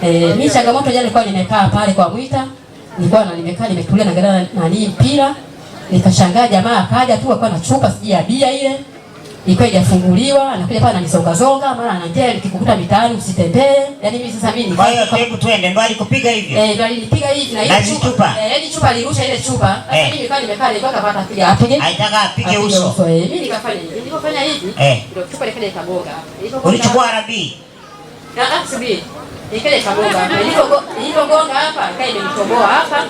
Eh, mimi changamoto jana nilikuwa nimekaa pale kwa Mwita, nilikuwa na nimekaa nimetulia na nini mpira, nikashangaa jamaa akaja tu akawa na chupa sijui ya bia ile ilikuwa haijafunguliwa, anakuja pale ananisonga zonga, maana ananiambia nikikukuta mitaani usitembee. Yaani mimi sasa mimi kwa hiyo hebu twende, ndo alikupiga hivyo eh, ndo alinipiga hivi na hiyo chupa eh, yaani chupa alirusha ile chupa. Sasa eh. mimi nikawa nimekaa ile mpaka pata apige, haitaka apige uso eh, mimi nikafanya hivi, nilipofanya hivi eh. ndio chupa ile ikagonga hapo. Ulichukua arabi ah, ah, na asibi ikale ilipo gonga hapa ikawa imenitoboa hapa,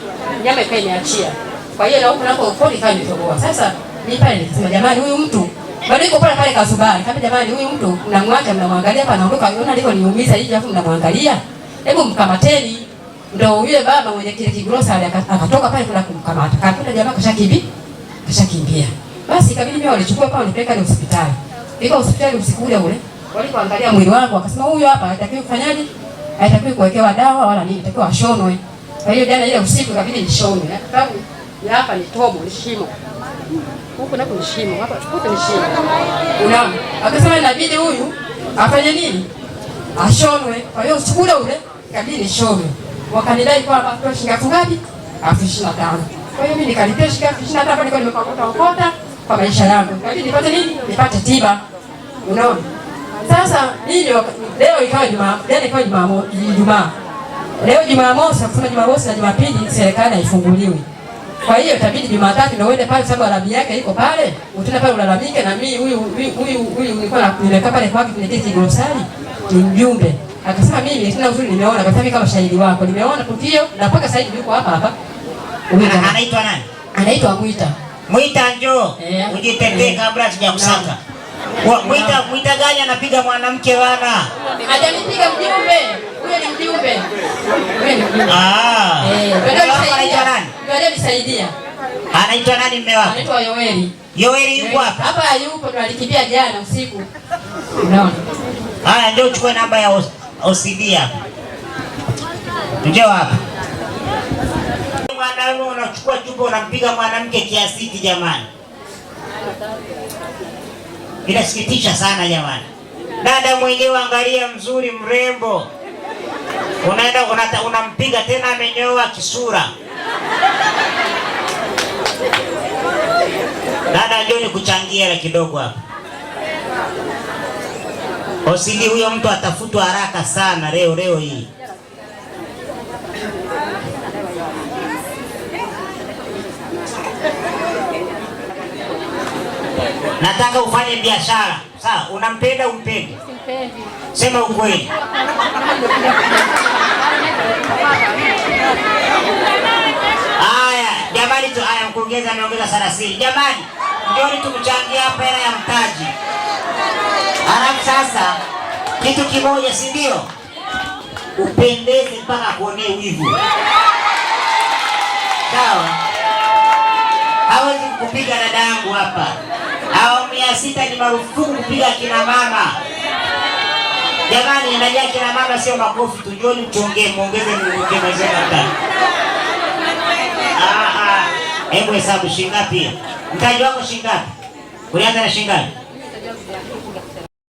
nyama ikawa imeachia. Kwa hiyo na huko nako ukoni ikawa imenitoboa. Sasa ni pale nikasema jamani, huyu mtu bado yuko pale pale kasubari. Kambi jamani huyu mtu mnamwaga mnamwangalia hapa anaondoka yona liko niumiza hivi afu mnamwangalia. Hebu mkamateni. Ndio yule baba mwenye kile kigrosa akatoka pale kwenda kumkamata. Kakuta jamaa kashakimbia. Kashakimbia. Basi ikabidi mimi walichukua pale nipeleka ni hospitali. Iko hospitali usiku ule ule. Walipoangalia mwili wangu akasema huyu hapa hatakiwi kufanyaje? Hatakiwi kuwekewa dawa wala nini, hatakiwa ashonwe. Kwa hiyo jana ile usiku ikabidi nishonwe. Sababu hapa ni tobo, ni shimo huku nako ni shimo, hapa huku ni shimo. Unaona, akasema inabidi huyu afanye nini? Ashonwe. Kwa hiyo usiku ule ule ikabidi nishonwe. Wakanidai kwamba kwa shilingi elfu ngapi? Elfu ishirini na tano. Kwa hiyo mimi nikalipia shilingi elfu ishirini na tano nilikuwa nimepakota ukota kwa maisha yangu. Ikabidi nipate nini? Nipate tiba. Unaona? Sasa hii leo ikawa Jumaa, jana ikawa Jumaa, Ijumaa. Leo Jumamosi, akasema Jumamosi na Jumapili serikali haifunguliwi. Kwa hiyo itabidi Jumatatu ndio uende pale, sababu arabi yake iko pale, utenda pale ulalamike. Na mimi huyu huyu huyu nilikuwa nimekaa pale kwa kipindi kile kigrosari, ni mjumbe akasema, mimi sina uzuri, nimeona kwa sababu kama shahidi wako nimeona tukio, na mpaka sasa hivi yuko hapa hapa. Anaitwa nani? Anaitwa Mwita. Mwita, njoo eh. ujitetee yeah. kabla sija yeah. Mwita Mwita gani anapiga mwanamke wana? Hajanipiga mjumbe. Huyo ni mjumbe. Ah. Eh, aliyenisaidia anaitwa nani? Mume wako anaitwa Yoeli. Yoeli yuko eh, hapa hapa, yupo ndo alikimbia jana usiku. Unaona, haya ndio chukua namba ya OCD hapa, njoo hapa mwanaume unachukua chupa unampiga mwanamke kiasi hiki jamani, inasikitisha sana jamani. Dada mwenyewe angalia, mzuri mrembo, unaenda unampiga tena amenyoa kisura. Dada, njoo kuchangia la kidogo hapa. Osili huyo mtu atafutwa haraka sana leo leo hii. Nataka ufanye biashara. Sawa, unampenda umpende? Simpendi. Sema ukweli. ameongeza ameongeza sarasili. Jamani, njooni tumchangia hapa hela ya mtaji. Halafu sasa kitu kimoja, si ndio? Upendeze mpaka akuonee wivu, sawa? Hawezi kupiga dada yangu hapa. Awamu ya sita ni marufuku kupiga kina mama. Jamani, najua kina mama sio makofi tu, njooni mchongee, muongeze mke mazima mtaji. Hebu hesabu shingapi? Mtaji wako shingapi? Ulianza na shingapi?